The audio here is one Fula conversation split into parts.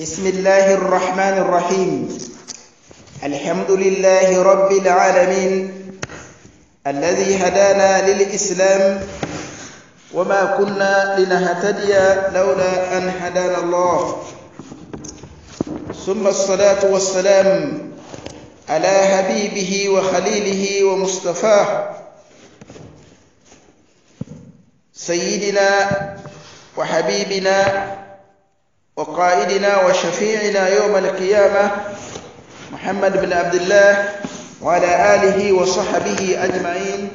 بسم الله الرحمن الرحيم الحمد لله رب العالمين الذي هدانا للإسلام وما كنا لنهتدي لولا أن هدانا الله ثم الصلاة والسلام على حبيبه وخليله ومصطفاه سيدنا وحبيبنا وقائدنا وشفيعنا يوم القيامة محمد بن عبد الله وعلى آله وصحبه أجمعين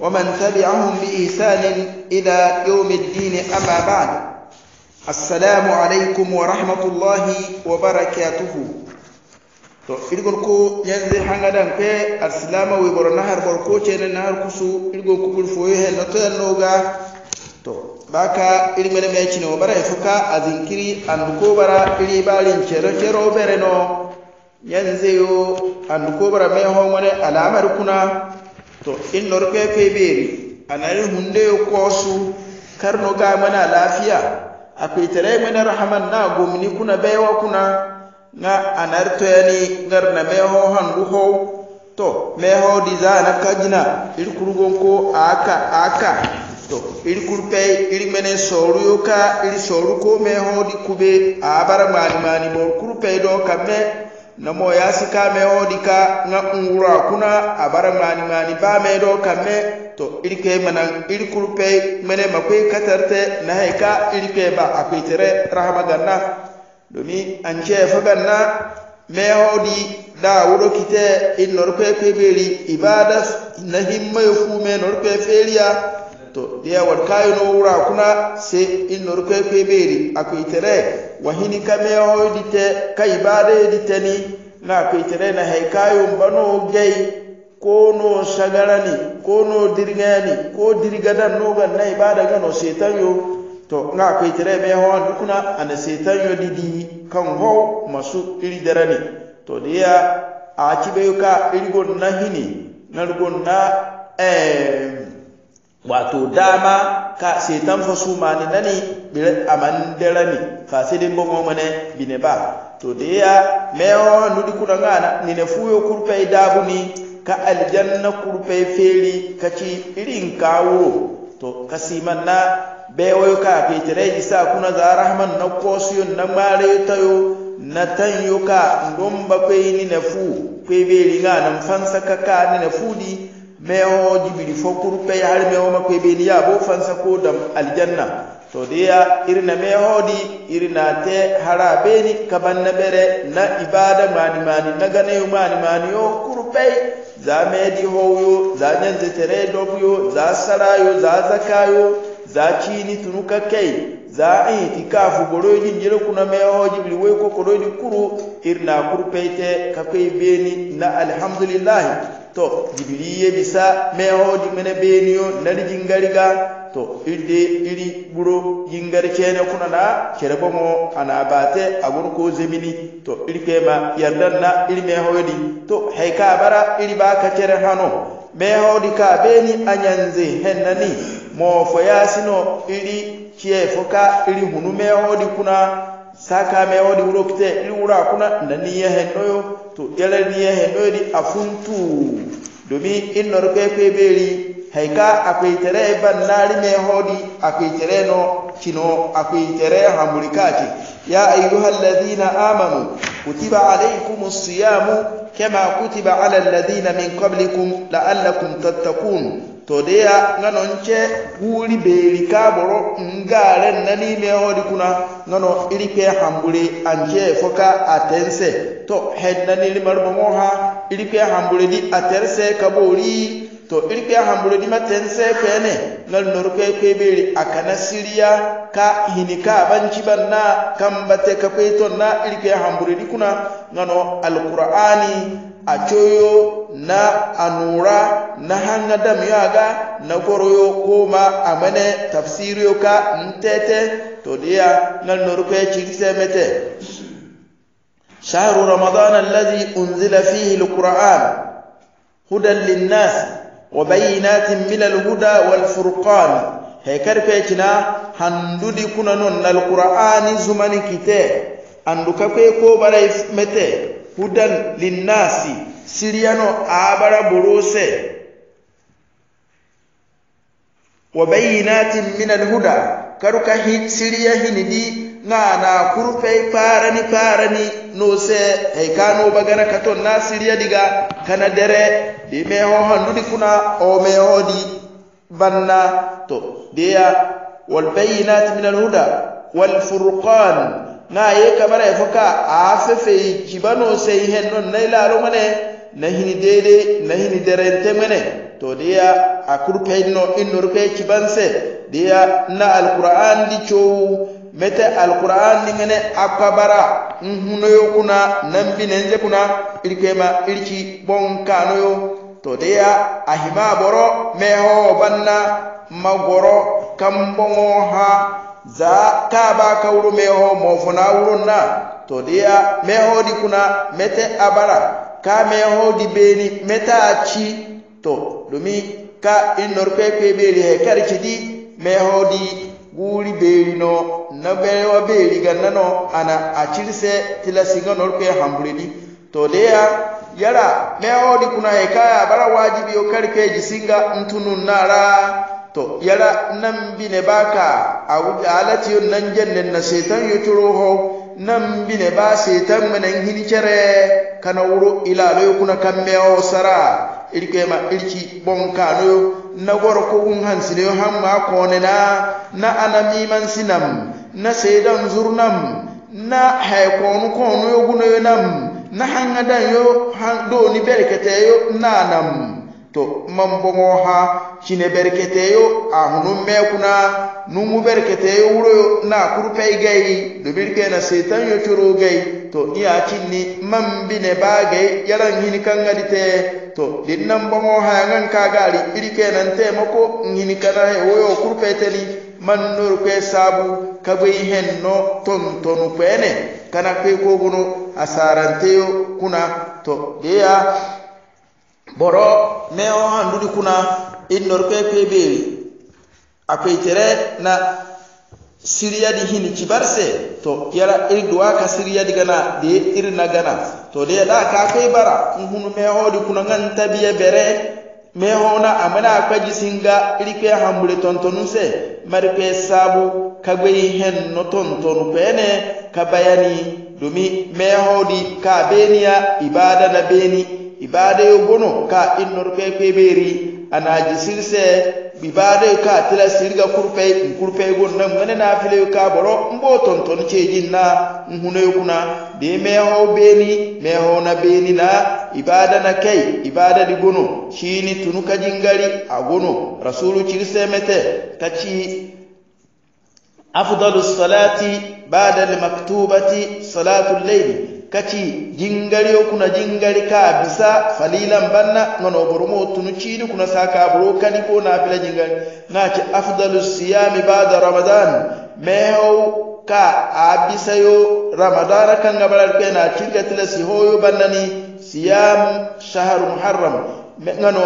ومن تبعهم بإحسان إلى يوم الدين أما بعد السلام عليكم ورحمة الله وبركاته to irgon ko yanzu hangadan kwe arsilama wiborona har farko ce na har kusu irgon noga to baka ilimene mai cinewa bara efuka azinkiri andu kubara iri balin cero cero bere no yanzeyo andu kubara mehongone alamar kuna to in a nari hunde ya kosu karno ga mana lafiya akwai tare mana rahaman na gomini kuna baiwa kuna na anar toyani gar na meho handu ruho to meho na kajina irkurgon ko aka aka to iri kurpei iri mene soru yoka iri soru ko me hodi kube abara mani mani mo kurpei do kame na mo yasi ka me hodi ka nga ngura kuna abara mani mani ba me do kame to iri ke manan iri kurpei mene makwe katarte na heka iri ke ba akwitere rahama ganna domi anche fa ganna me hodi da wuro kite in norpe pe beri ibada na himma yofu me norpe feliya to dia war kayo no wura kuna se in nor ko pe beri tere itere wahini kame o dite kai bare dite ni na ko tere na hay kayo bano gei ko no shagarani ko no dirgani ko dirgadan no noga na ibada gan no setan yo to na ko tere be ho dukuna an setan yo didi kan ho masu iri darani to dia a cibe ka irgon na hini na rugon na eh wato dama ka setan fasu su mani nani bire amandera ni fa sede bomo mane bine ba to da ya meo nudi kuna ngana nine fuyo kurpe dabu ni ka aljanna kurpe ka ci irin kawo to kasiman na bewayo ka fetirai isa kuna za rahman na kosiyon na mare tayo na tanyo ka ndomba kwai ni na fu kwai beri ngana mfansa kaka ni na fudi mewo jibili fo pe har meo makwe beni ya bo fansa ko dam aljanna to dia irina mehodi irina te hara beni kabanna bere na ibada mani mani na gane mani mani yo kuru pe za medi hoyo za nyanze tere dobuyo za sarayo za zakayo za chini tunuka kei za itikafu boroji njiro kuna mehoji biliwe weko koroji kuru irina kuru te kakwe beni na alhamdulillah to jibili yebi sa mehoji mene beniyo nari jingari ga to irde iri buro jingari cene kuna na cere bomo ana bate aguru ko zemini to iri kema yardan na iri mehoji to heka bara iri baka cere hano mehoji ka beni anyanze henani mofo yasino iri cie foka iri hunu mehoji kuna sakame wadi wuro kite ni wuro akuna nda niya hen doyo to yala niya hen doyo di afuntu domi inno rupe kwe beri haika akwe itere e ban nari me hodi akwe itere no chino akwe itere hamulikati ya ayuha alladhina amanu kutiba alaykum siyamu kama kutiba ala alladhina min qablikum la'allakum tattakun todea ngano nche wuri beri kaboro ngare na nime hodi kuna ngano ilipe hambule anje foka atense to hedna nili marbomo ha ilipe hambule di aterse kabori to ilipe hambule di matense kene ngal norpe kebeli akana siriya ka hinika banci banna kambate kapeto na ilipe hambule di kuna ngano alqur'ani acoyo na anura na hanga da miyaga na koroyo koma a mene tafsiri ka ntete to diya na nurfe cikise mete shahru ramadan alladhi unzila fihi alquran hudan linnas wa bayyinatin min alhuda wal furqan he karfe cina handudi kuna non alquran zumani kite anduka ko ko bare mete hudan linnasi siriano abara buruse wa bayinatin min alhuda karu ka siriya hini di ngana kurfei parani parani no se hey kanu bagara katon na siriya diga kana dere di me ho handudi kuna o me ho di banna to dia wal bayinatin min alhuda wal furqan na ye kamara e foka a fe fe kibano se hen non nay laro mane nahini dede nahini deren temene to deya a kurpeyno innorke cibanse deya na alquran di cowu mete alquran di ngene akabara nhunoyo kuna nambinenje kuna irkema irci bonkanoyo to deya a hima boro meho banna magoro kambongo ha za kaaba kawru meho mo fona wurun na to diya mehodi kuna mete abara ka mehodi beni meta acci to dumi ka innor pepe beri he karci di mehodi guri beri no na bewa beri gannano ana acirse tila singa norpe hamburi di to diya yara mehodi kuna he kaya abara wajibi o karkeji singa mtununnara to yara nan bine baka alati yo nan jenne na setan yuturo ho nan bine ba setan menen hini kere na wuro ilalo yo kuna kamme o sara irke ma irki bonka no na goro ko un hansine han hamma na na anami man sinam na sedan zurnam na haikonu konu yo guno yo nam na dan yo han do ni berkete yo nam. to man bongo ha cine berketeyo ahunum mekuna numu berketeyo wuroyo na kurpey gay dobir kena setan yo coro gay to iya cinni man bine bagay yaran hini kangadi te to dinnan bongo ha ngan kagari iri kenan te mako ngini kana woyo kurpey teni man nur ke sabu kabay henno ton tonu kene kana ke koguno asarante yo kuna to geya boro me o handudi kuna innorko e peɓeeri a peytere na siriyadi hini cibarse to yala iri duwa ka siriyadi gana de iri na gana to de da ka kai bara hun me hodi kuna ngan tabiye bere me hona amana kwaji singa iri ke hambule tontonu se mari pe sabu ka gwei hen no tontonu pene ka bayani dumi me hodi ka beniya ibada na beni ibadayo gono ka innor pe peɓeeri anaji sirse ibadayo ka tila sirga kurpey n kurpey gon na ŋane nafileyo ka boro n bo ton ton ceejin na n hunoyo kuna de mehow beeni mehow na beeni na ibada na kei ibada di gono siini tunu kajingari a gono rasulu cirse mete kaci afdalu salati bada almaktubati salatu lleyli kati jingari o kuna jingari ka bisa falilan banna nono borumo tunu ciidi kuna sa ka buro kani ko na bila jingari na ci afdalu siyami ba'da ramadan meho ka a bisa yo ramadan kan gabar ke na cirga tila si hoyo banna ni siyam shahru muharram me ngano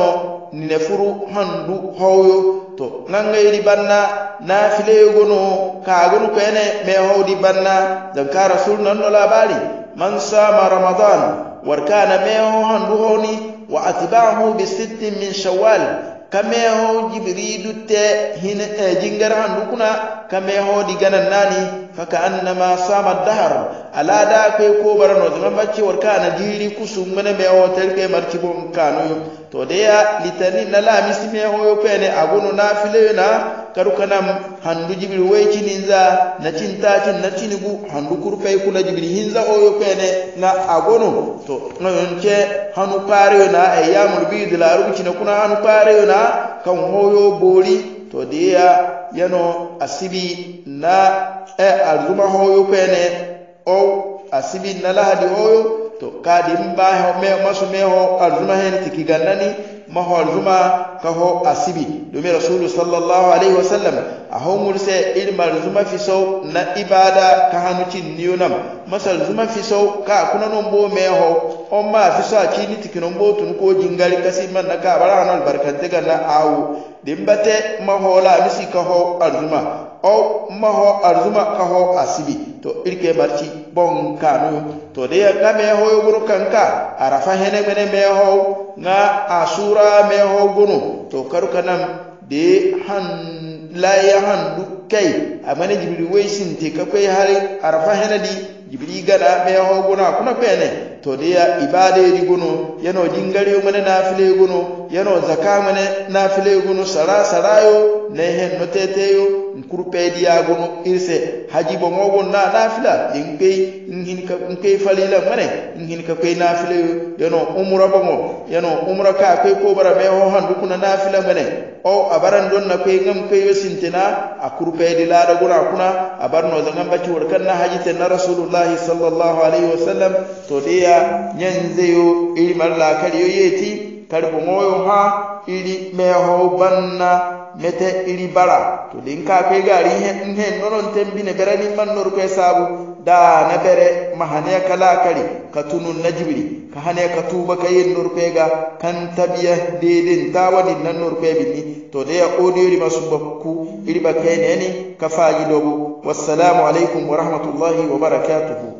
ni ne furu handu hoyo to nanga yidi banna na file gono ka gono kene me hawdi banna dan ka rasul nan no labari man sama ramadan war kana meho handuoni wa atibahu bi sittin min shawwal kameho jibridu te hina e eh, jingara handukuna kameho di ganan nani faka annama sama dahar ala da kai ko barano zama bacci war kana jiri kusum mene me hotel marci bon kanu to de ya litani na la misme ho yo pene aguno na na kadu kanam handu jibiri waycininza nacintatin nacinigu handu kurpay kula jibiri hinza oyo pene na agonu to noyonce hanu pareyo na e yamul biyidi larugu cina kuna hanu pareyo na kan hoyo boli to diya yano asibi na e alzuma hoyo pene o asibi na lahadi oyo to kadi mbaho me masu meho alzuma hen tiki gannani ka kaho asibi domin rasulu sallallahu alaihi wasallam a ilmar zuma sau na ibada ka hanucin niyonam masal zuma sau ka kuna nombo ho on ma sau a cini tikinombo tun ko jingari kasi man na ka bara hanal ga na awo. dimbate mahola misi kaho arzuma o maho arzuma kaho asibi to irke barci bon kanu to de ga me ho kanka arafa hene mene me ho asura me ho gunu to karu kanam de han la ya han dukkai amane jibri wai sinte kakai hari arafa hene di jibri gada me ho guna kuna pene todeya ibadeji gunu yano jingari na nafile gunu yano zaka na nafile gunu sara sarayo he no teteyo dia gunu irse haji bo ngogo na nafila ka in pe falila mane inhinka kwe nafile yano umra bo mo yano umra ka kwe ko bara me ho handu kuna nafila mane o abaran don na kwe ngam kwe yosintina akurupedi la da guna kuna abarno zangan bachi warkan na haji ta na rasulullahi sallallahu alaihi wasallam dia ñanzeyo iri marla kari yo yeeti kari bo ŋoyo ha iri meho banna mete iri bara to lin kakoy gari hen nonon tembine berani mannorko e sabu dana bere ma hane kala kari ka tunun na jibri ka hane ka tuba ka yen norko ga kan tabiya deden tawani nan norko e binni to de ya odiyori masumbakku iri bakkene ni ka faji dogo wassalamu alaikum wa rahmatullahi wa barakatuhu